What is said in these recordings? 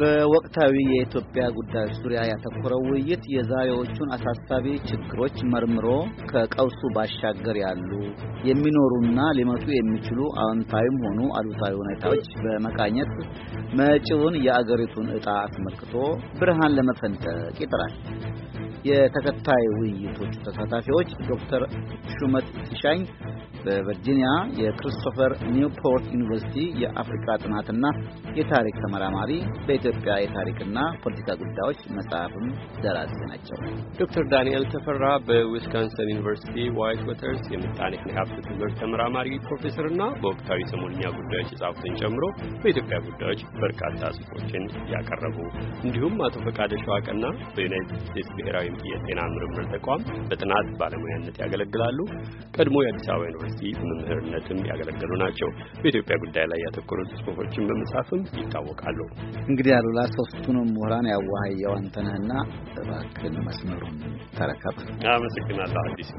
በወቅታዊ የኢትዮጵያ ጉዳዮች ዙሪያ ያተኮረው ውይይት የዛሬዎቹን አሳሳቢ ችግሮች መርምሮ ከቀውሱ ባሻገር ያሉ የሚኖሩና ሊመጡ የሚችሉ አዎንታዊም ሆኑ አሉታዊ ሁኔታዎች በመቃኘት መጪውን የአገሪቱን ዕጣ አስመልክቶ ብርሃን ለመፈንጠቅ ይጥራል። የተከታይ ውይይቶቹ ተሳታፊዎች ዶክተር ሹመት ሲሻኝ በቨርጂኒያ የክሪስቶፈር ኒውፖርት ዩኒቨርሲቲ የአፍሪካ ጥናትና የታሪክ ተመራማሪ፣ በኢትዮጵያ የታሪክና ፖለቲካ ጉዳዮች መጽሐፍም ደራሲ ናቸው። ዶክተር ዳንኤል ተፈራ በዊስካንሰን ዩኒቨርሲቲ ዋይት ወተርስ የምጣኔ ሀብት ትምህርት ተመራማሪ ፕሮፌሰርና በወቅታዊ ሰሞንኛ ጉዳዮች የጻፉትን ጨምሮ በኢትዮጵያ ጉዳዮች በርካታ ጽሁፎችን ያቀረቡ እንዲሁም አቶ ፈቃደ ሸዋቀና በዩናይትድ ስቴትስ ብሔራዊ የጤና ምርምር ተቋም በጥናት ባለሙያነት ያገለግላሉ። ቀድሞ የአዲስ አበባ ዩኒቨርሲቲ ዩኒቨርሲቲ መምህርነትም ያገለገሉ ናቸው። በኢትዮጵያ ጉዳይ ላይ ያተኮሩት ጽሁፎችን በመጻፍም ይታወቃሉ። እንግዲህ አሉላ ሶስቱንም ምሁራን ያዋሃየው አንተነህና እባክህን መስመሩን ተረከብ። አመሰግናለሁ አዲስ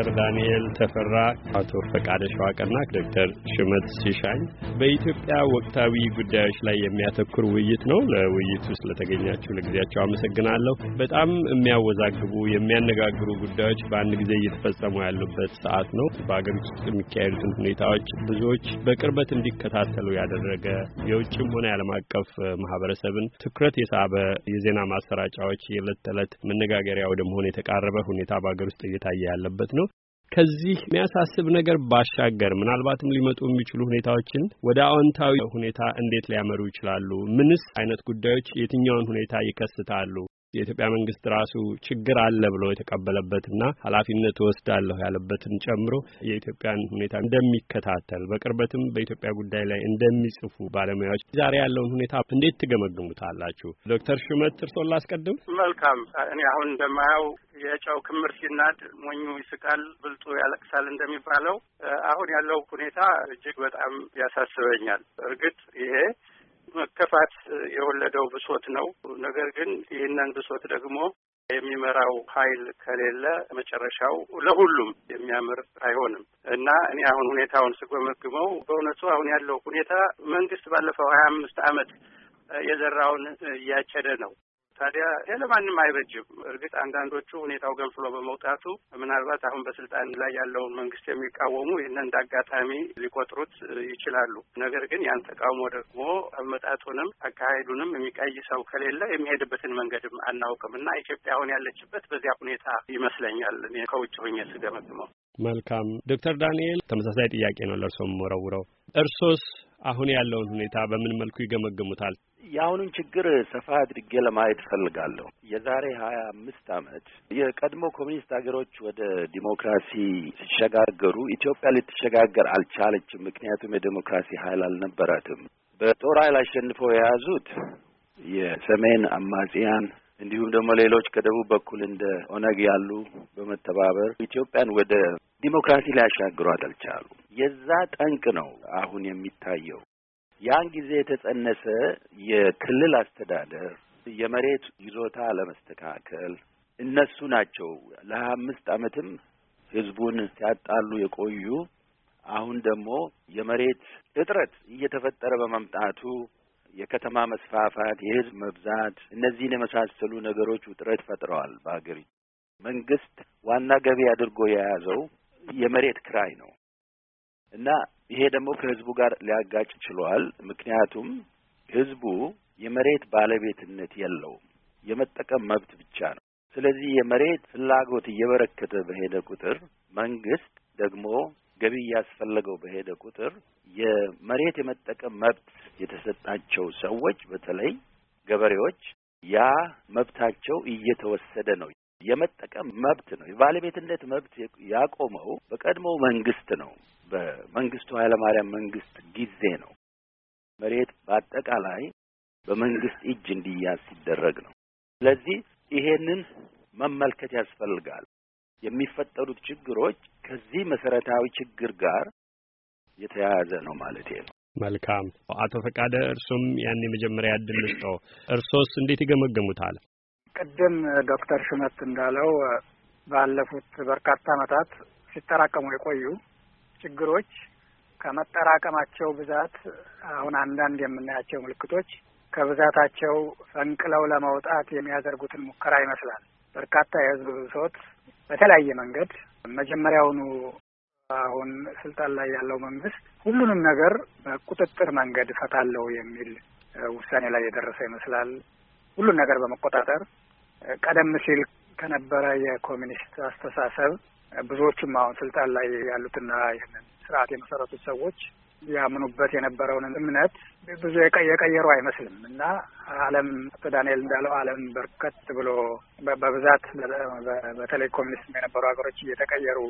ዶክተር ዳንኤል ተፈራ፣ አቶ ፈቃደ ሸዋቀና፣ ዶክተር ሽመት ሲሻኝ በኢትዮጵያ ወቅታዊ ጉዳዮች ላይ የሚያተኩር ውይይት ነው። ለውይይቱ ስለተገኛችሁ ለጊዜያቸው አመሰግናለሁ። በጣም የሚያወዛግቡ የሚያነጋግሩ ጉዳዮች በአንድ ጊዜ እየተፈጸሙ ያሉበት ሰዓት ነው። በአገሪቱ ውስጥ የሚካሄዱትን ሁኔታዎች ብዙዎች በቅርበት እንዲከታተሉ ያደረገ የውጭም ሆነ የዓለም አቀፍ ማህበረሰብን ትኩረት የሳበ የዜና ማሰራጫዎች የዕለት ተዕለት መነጋገሪያ ወደ መሆን የተቃረበ ሁኔታ በአገር ውስጥ እየታየ ያለበት ነው። ከዚህ የሚያሳስብ ነገር ባሻገር ምናልባትም ሊመጡ የሚችሉ ሁኔታዎችን ወደ አዎንታዊ ሁኔታ እንዴት ሊያመሩ ይችላሉ? ምንስ አይነት ጉዳዮች የትኛውን ሁኔታ ይከስታሉ? የኢትዮጵያ መንግስት ራሱ ችግር አለ ብሎ የተቀበለበትና ኃላፊነት ወስዳለሁ ያለበትን ጨምሮ የኢትዮጵያን ሁኔታ እንደሚከታተል በቅርበትም በኢትዮጵያ ጉዳይ ላይ እንደሚጽፉ ባለሙያዎች ዛሬ ያለውን ሁኔታ እንዴት ትገመግሙታላችሁ? ዶክተር ሹመት እርሶን ላስቀድም። መልካም። እኔ አሁን እንደማየው የጨው ክምር ሲናድ ሞኙ ይስቃል፣ ብልጡ ያለቅሳል እንደሚባለው አሁን ያለው ሁኔታ እጅግ በጣም ያሳስበኛል። እርግጥ ይሄ መከፋት የወለደው ብሶት ነው። ነገር ግን ይህንን ብሶት ደግሞ የሚመራው ኃይል ከሌለ መጨረሻው ለሁሉም የሚያምር አይሆንም እና እኔ አሁን ሁኔታውን ስገመግመው በእውነቱ አሁን ያለው ሁኔታ መንግስት ባለፈው ሀያ አምስት ዓመት የዘራውን እያጨደ ነው። ታዲያ ለማንም አይበጅም። እርግጥ አንዳንዶቹ ሁኔታው ገንፍሎ በመውጣቱ ምናልባት አሁን በስልጣን ላይ ያለውን መንግስት የሚቃወሙ ይህንን እንደ አጋጣሚ ሊቆጥሩት ይችላሉ። ነገር ግን ያን ተቃውሞ ደግሞ አመጣጡንም አካሄዱንም የሚቀይ ሰው ከሌለ የሚሄድበትን መንገድም አናውቅም እና ኢትዮጵያ አሁን ያለችበት በዚያ ሁኔታ ይመስለኛል እኔ ከውጭ ሆኜ ስገመግመው። መልካም ዶክተር ዳንኤል ተመሳሳይ ጥያቄ ነው ለእርስዎ የምወረውረው። እርሶስ አሁን ያለውን ሁኔታ በምን መልኩ ይገመግሙታል? የአሁኑን ችግር ሰፋ አድርጌ ለማየት እፈልጋለሁ። የዛሬ ሀያ አምስት አመት የቀድሞ ኮሚኒስት ሀገሮች ወደ ዲሞክራሲ ሲሸጋገሩ ኢትዮጵያ ልትሸጋገር አልቻለችም። ምክንያቱም የዲሞክራሲ ኃይል አልነበራትም። በጦር ኃይል አሸንፈው የያዙት የሰሜን አማጽያን እንዲሁም ደግሞ ሌሎች ከደቡብ በኩል እንደ ኦነግ ያሉ በመተባበር ኢትዮጵያን ወደ ዲሞክራሲ ሊያሻግሯት አልቻሉ። የዛ ጠንቅ ነው አሁን የሚታየው። ያን ጊዜ የተጸነሰ የክልል አስተዳደር የመሬት ይዞታ ለመስተካከል እነሱ ናቸው ለሀያ አምስት ህዝቡን ሲያጣሉ የቆዩ አሁን ደግሞ የመሬት እጥረት እየተፈጠረ በመምጣቱ የከተማ መስፋፋት፣ የህዝብ መብዛት እነዚህን የመሳሰሉ ነገሮች ውጥረት ፈጥረዋል። በሀገሪቱ መንግስት ዋና ገቢ አድርጎ የያዘው የመሬት ክራይ ነው። እና ይሄ ደግሞ ከህዝቡ ጋር ሊያጋጭ ችሏል። ምክንያቱም ህዝቡ የመሬት ባለቤትነት የለውም፣ የመጠቀም መብት ብቻ ነው። ስለዚህ የመሬት ፍላጎት እየበረከተ በሄደ ቁጥር መንግስት ደግሞ ገቢ እያስፈለገው በሄደ ቁጥር የመሬት የመጠቀም መብት የተሰጣቸው ሰዎች በተለይ ገበሬዎች ያ መብታቸው እየተወሰደ ነው። የመጠቀም መብት ነው። የባለቤትነት መብት ያቆመው በቀድሞው መንግስት ነው። በመንግስቱ ኃይለማርያም መንግስት ጊዜ ነው። መሬት በአጠቃላይ በመንግስት እጅ እንዲያዝ ሲደረግ ነው። ስለዚህ ይሄንን መመልከት ያስፈልጋል። የሚፈጠሩት ችግሮች ከዚህ መሰረታዊ ችግር ጋር የተያያዘ ነው ማለት ነው። መልካም አቶ ፈቃደ፣ እርሱም ያን የመጀመሪያ እድል ልስጠው። እርሶስ እንዴት ይገመገሙታል? ቅድም ዶክተር ሹመት እንዳለው ባለፉት በርካታ አመታት ሲጠራቀሙ የቆዩ ችግሮች ከመጠራቀማቸው ብዛት አሁን አንዳንድ የምናያቸው ምልክቶች ከብዛታቸው ፈንቅለው ለመውጣት የሚያደርጉትን ሙከራ ይመስላል። በርካታ የህዝብ ብሶት በተለያየ መንገድ መጀመሪያውኑ አሁን ስልጣን ላይ ያለው መንግስት ሁሉንም ነገር በቁጥጥር መንገድ እፈታለሁ የሚል ውሳኔ ላይ የደረሰ ይመስላል። ሁሉን ነገር በመቆጣጠር ቀደም ሲል ከነበረ የኮሚኒስት አስተሳሰብ ብዙዎቹም አሁን ስልጣን ላይ ያሉትና ይህንን ስርዓት የመሰረቱት ሰዎች ያምኑበት የነበረውን እምነት ብዙ የቀየሩ አይመስልም እና ዓለም አቶ ዳንኤል እንዳለው ዓለም በርከት ብሎ በብዛት በተለይ ኮሚኒስት የነበሩ ሀገሮች እየተቀየሩ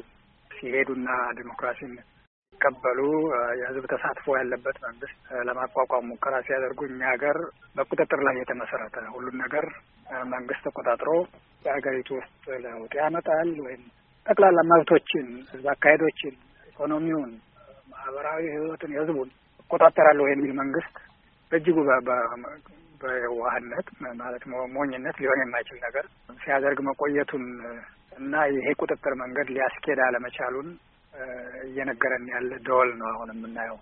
ሲሄዱና ዲሞክራሲን የሚቀበሉ የህዝብ ተሳትፎ ያለበት መንግስት ለማቋቋም ሙከራ ሲያደርጉ እኛ ሀገር በቁጥጥር ላይ የተመሰረተ ሁሉን ነገር መንግስት ተቆጣጥሮ የሀገሪቱ ውስጥ ለውጥ ያመጣል ወይም ጠቅላላ መብቶችን፣ ህዝብ አካሄዶችን፣ ኢኮኖሚውን፣ ማህበራዊ ህይወትን፣ የህዝቡን እቆጣጠራለሁ የሚል መንግስት በእጅጉ በዋህነት ማለት ሞኝነት ሊሆን የማይችል ነገር ሲያደርግ መቆየቱን እና ይሄ ቁጥጥር መንገድ ሊያስኬድ አለመቻሉን እየነገረን ያለ ደወል ነው አሁን የምናየው።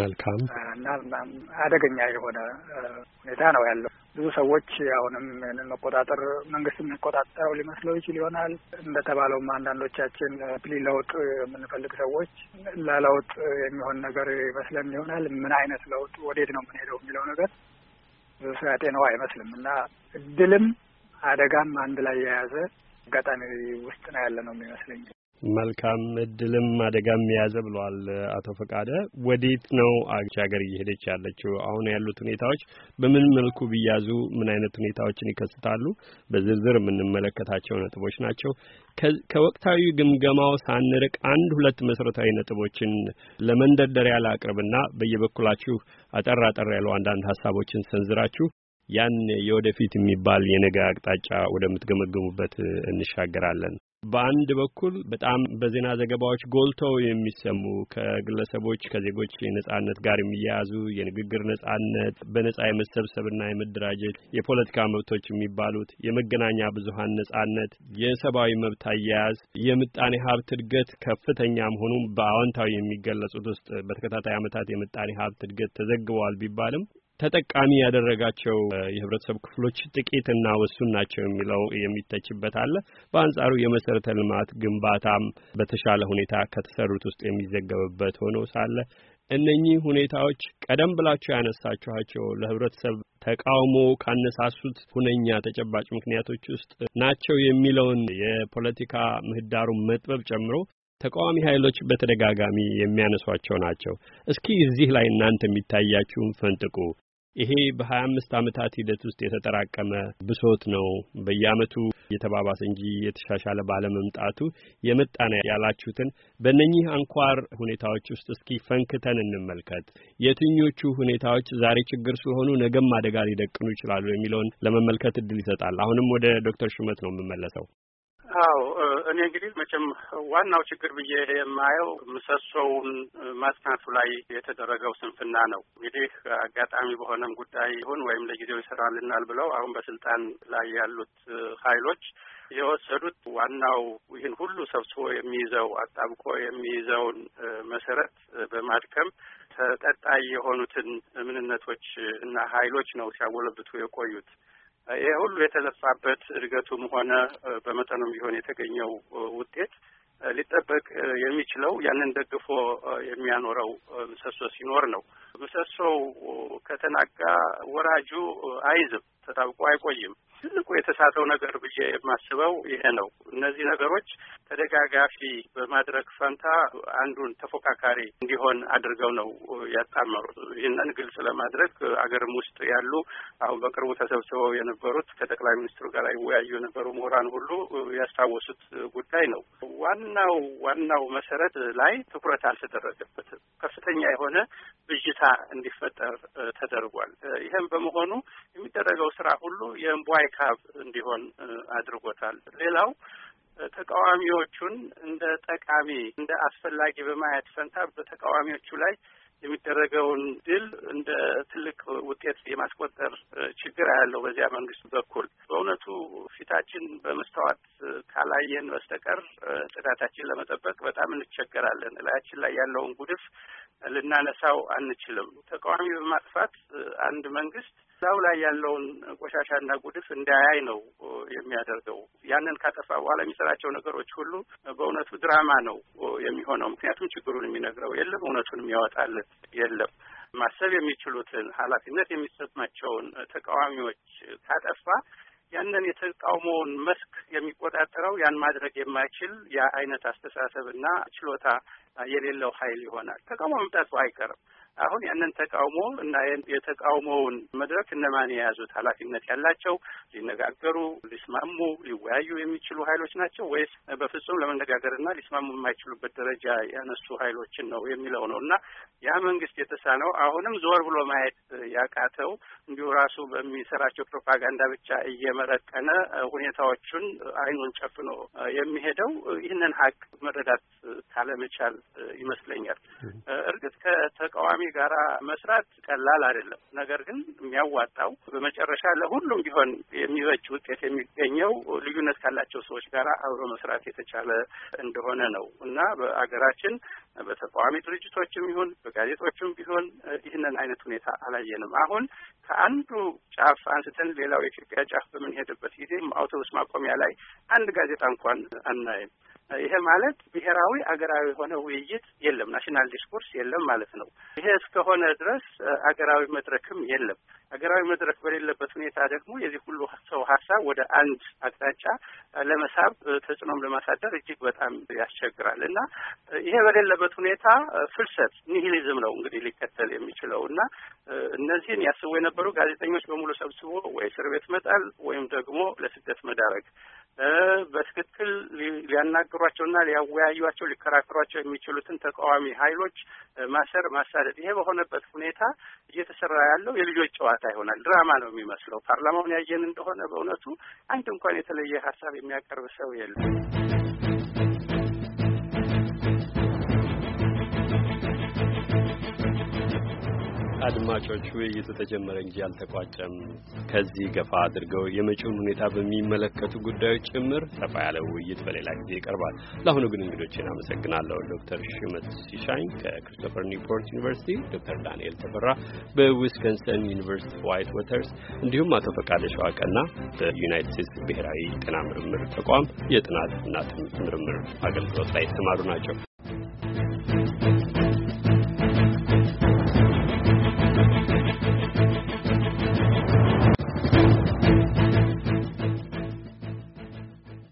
መልካም እና አደገኛ የሆነ ሁኔታ ነው ያለው። ብዙ ሰዎች አሁንም ይህንን መቆጣጠር መንግስት የሚቆጣጠረው ሊመስለው ይችል ይሆናል። እንደተባለውም አንዳንዶቻችን ፕሊ ለውጥ የምንፈልግ ሰዎች ለለውጥ የሚሆን ነገር ይመስለን ይሆናል። ምን አይነት ለውጥ፣ ወዴት ነው የምንሄደው የሚለው ነገር ብዙ ሰው ያጤነው አይመስልም እና እድልም አደጋም አንድ ላይ የያዘ አጋጣሚ ውስጥ ነው ያለ ነው የሚመስለኝ። መልካም እድልም አደጋም የያዘ ብለዋል አቶ ፈቃደ። ወዴት ነው አገች ሀገር እየሄደች ያለችው? አሁን ያሉት ሁኔታዎች በምን መልኩ ቢያዙ ምን አይነት ሁኔታዎችን ይከስታሉ? በዝርዝር የምንመለከታቸው ነጥቦች ናቸው። ከወቅታዊ ግምገማው ሳንርቅ አንድ ሁለት መሰረታዊ ነጥቦችን ለመንደርደሪያ ላቅርብና በየበኩላችሁ አጠር አጠር ያሉ አንዳንድ ሀሳቦችን ሰንዝራችሁ ያን የወደፊት የሚባል የነገ አቅጣጫ ወደምትገመገሙበት እንሻገራለን። በአንድ በኩል በጣም በዜና ዘገባዎች ጎልተው የሚሰሙ ከግለሰቦች ከዜጎች ነጻነት ጋር የሚያያዙ የንግግር ነጻነት፣ በነጻ የመሰብሰብና የመደራጀት የፖለቲካ መብቶች የሚባሉት የመገናኛ ብዙሀን ነጻነት፣ የሰብአዊ መብት አያያዝ፣ የምጣኔ ሀብት እድገት ከፍተኛ መሆኑም በአዎንታዊ የሚገለጹት ውስጥ በተከታታይ ዓመታት የምጣኔ ሀብት እድገት ተዘግበዋል ቢባልም ተጠቃሚ ያደረጋቸው የህብረተሰብ ክፍሎች ጥቂት እና ወሱን ናቸው የሚለው የሚተችበት አለ። በአንጻሩ የመሰረተ ልማት ግንባታም በተሻለ ሁኔታ ከተሰሩት ውስጥ የሚዘገብበት ሆኖ ሳለ እነኚህ ሁኔታዎች ቀደም ብላችሁ ያነሳችኋቸው ለህብረተሰብ ተቃውሞ ካነሳሱት ሁነኛ ተጨባጭ ምክንያቶች ውስጥ ናቸው የሚለውን የፖለቲካ ምህዳሩን መጥበብ ጨምሮ ተቃዋሚ ኃይሎች በተደጋጋሚ የሚያነሷቸው ናቸው። እስኪ እዚህ ላይ እናንተ የሚታያችሁን ፈንጥቁ። ይሄ በሀያ አምስት ዓመታት ሂደት ውስጥ የተጠራቀመ ብሶት ነው። በየአመቱ የተባባሰ እንጂ የተሻሻለ ባለመምጣቱ የመጣ ነው ያላችሁትን በእነኚህ አንኳር ሁኔታዎች ውስጥ እስኪ ፈንክተን እንመልከት። የትኞቹ ሁኔታዎች ዛሬ ችግር ስለሆኑ ነገም አደጋ ሊደቅኑ ይችላሉ የሚለውን ለመመልከት እድል ይሰጣል። አሁንም ወደ ዶክተር ሹመት ነው የምመለሰው። አዎ እኔ እንግዲህ መቼም ዋናው ችግር ብዬ የማየው ምሰሶውን ማጽናቱ ላይ የተደረገው ስንፍና ነው። እንግዲህ አጋጣሚ በሆነም ጉዳይ ይሁን ወይም ለጊዜው ይሰራልናል ብለው አሁን በስልጣን ላይ ያሉት ኃይሎች የወሰዱት ዋናው ይህን ሁሉ ሰብስቦ የሚይዘው አጣብቆ የሚይዘውን መሰረት በማድከም ተጠጣይ የሆኑትን ምንነቶች እና ኃይሎች ነው ሲያጎለብቱ የቆዩት። ይሄ ሁሉ የተለፋበት እድገቱም ሆነ በመጠኑም ቢሆን የተገኘው ውጤት ሊጠበቅ የሚችለው ያንን ደግፎ የሚያኖረው ምሰሶ ሲኖር ነው። ምሰሶው ከተናጋ ወራጁ አይዝም፣ ተጣብቆ አይቆይም። ትልቁ የተሳተው ነገር ብዬ የማስበው ይሄ ነው። እነዚህ ነገሮች ተደጋጋፊ በማድረግ ፈንታ አንዱን ተፎካካሪ እንዲሆን አድርገው ነው ያጣመሩት። ይህንን ግልጽ ለማድረግ አገርም ውስጥ ያሉ አሁን በቅርቡ ተሰብስበው የነበሩት ከጠቅላይ ሚኒስትሩ ጋር ይወያዩ የነበሩ ምሁራን ሁሉ ያስታወሱት ጉዳይ ነው። ዋናው ዋናው መሰረት ላይ ትኩረት አልተደረገበትም። ከፍተኛ የሆነ ብዥታ እንዲፈጠር ተደርጓል። ይህም በመሆኑ የሚደረገው ስራ ሁሉ የእንቧይ ሪካብ እንዲሆን አድርጎታል። ሌላው ተቃዋሚዎቹን እንደ ጠቃሚ እንደ አስፈላጊ በማየት ፈንታ በተቃዋሚዎቹ ላይ የሚደረገውን ድል እንደ ትልቅ ውጤት የማስቆጠር ችግር ያለው በዚያ መንግስት በኩል በእውነቱ ፊታችን በመስተዋት ካላየን በስተቀር ጽዳታችን ለመጠበቅ በጣም እንቸገራለን። እላያችን ላይ ያለውን ጉድፍ ልናነሳው አንችልም። ተቃዋሚ በማጥፋት አንድ መንግስት እዛው ላይ ያለውን ቆሻሻና ጉድፍ እንዳያይ ነው የሚያደርገው። ያንን ካጠፋ በኋላ የሚሰራቸው ነገሮች ሁሉ በእውነቱ ድራማ ነው የሚሆነው። ምክንያቱም ችግሩን የሚነግረው የለም፣ እውነቱን የሚያወጣለት የለም። ማሰብ የሚችሉትን ኃላፊነት የሚሰማቸውን ተቃዋሚዎች ካጠፋ ያንን የተቃውሞውን መስክ የሚቆጣጠረው ያን ማድረግ የማይችል የአይነት አስተሳሰብና ችሎታ የሌለው ኃይል ይሆናል። ተቃውሞ መምጣቱ አይቀርም። አሁን ያንን ተቃውሞ እና የተቃውሞውን መድረክ እነማን የያዙት ኃላፊነት ያላቸው ሊነጋገሩ፣ ሊስማሙ፣ ሊወያዩ የሚችሉ ኃይሎች ናቸው ወይስ በፍጹም ለመነጋገርና ሊስማሙ የማይችሉበት ደረጃ ያነሱ ኃይሎችን ነው የሚለው ነው እና ያ መንግስት የተሳነው አሁንም ዞር ብሎ ማየት ያቃተው እንዲሁ ራሱ በሚሰራቸው ፕሮፓጋንዳ ብቻ እየመረቀነ ሁኔታዎቹን አይኑን ጨፍኖ የሚሄደው ይህንን ሀቅ መረዳት ካለመቻል ይመስለኛል። እርግጥ ከተቃዋሚ ጋራ መስራት ቀላል አይደለም። ነገር ግን የሚያዋጣው በመጨረሻ ለሁሉም ቢሆን የሚበጅ ውጤት የሚገኘው ልዩነት ካላቸው ሰዎች ጋር አብሮ መስራት የተቻለ እንደሆነ ነው እና በአገራችን በተቃዋሚ ድርጅቶችም ይሁን በጋዜጦችም ቢሆን ይህንን አይነት ሁኔታ አላየንም። አሁን ከአንዱ ጫፍ አንስተን ሌላው የኢትዮጵያ ጫፍ በምንሄድበት ጊዜ አውቶቡስ ማቆሚያ ላይ አንድ ጋዜጣ እንኳን አናይም። ይሄ ማለት ብሔራዊ አገራዊ የሆነ ውይይት የለም፣ ናሽናል ዲስኮርስ የለም ማለት ነው። ይሄ እስከሆነ ድረስ አገራዊ መድረክም የለም። ሀገራዊ መድረክ በሌለበት ሁኔታ ደግሞ የዚህ ሁሉ ሰው ሀሳብ ወደ አንድ አቅጣጫ ለመሳብ ተጽዕኖም ለማሳደር እጅግ በጣም ያስቸግራል እና ይሄ በሌለበት ሁኔታ ፍልሰት ኒሂሊዝም ነው እንግዲህ ሊከተል የሚችለው እና እነዚህን ያስቡ የነበሩ ጋዜጠኞች በሙሉ ሰብስቦ ወይ እስር ቤት መጣል ወይም ደግሞ ለስደት መዳረግ በትክክል ሊያናግሯቸውና ሊያወያዩቸው ሊከራከሯቸው የሚችሉትን ተቃዋሚ ኃይሎች ማሰር፣ ማሳደድ ይሄ በሆነበት ሁኔታ እየተሰራ ያለው የልጆች ጨዋታ ጨዋታ ይሆናል። ድራማ ነው የሚመስለው። ፓርላማውን ያየን እንደሆነ በእውነቱ አንድ እንኳን የተለየ ሀሳብ የሚያቀርብ ሰው የለም። አድማጮች ውይይቱ ተጀመረ እንጂ አልተቋጨም። ከዚህ ገፋ አድርገው የመጪውን ሁኔታ በሚመለከቱ ጉዳዮች ጭምር ሰፋ ያለ ውይይት በሌላ ጊዜ ይቀርባል። ለአሁኑ ግን እንግዶችን አመሰግናለሁ። ዶክተር ሽመት ሲሻኝ ከክሪስቶፈር ኒውፖርት ዩኒቨርሲቲ፣ ዶክተር ዳንኤል ተፈራ በዊስኮንሰን ዩኒቨርሲቲ ዋይት ወተርስ እንዲሁም አቶ ፈቃደ ሸዋቀና በዩናይትድ ስቴትስ ብሔራዊ ጤና ምርምር ተቋም የጥናትና ምርምር አገልግሎት ላይ የተሰማሩ ናቸው።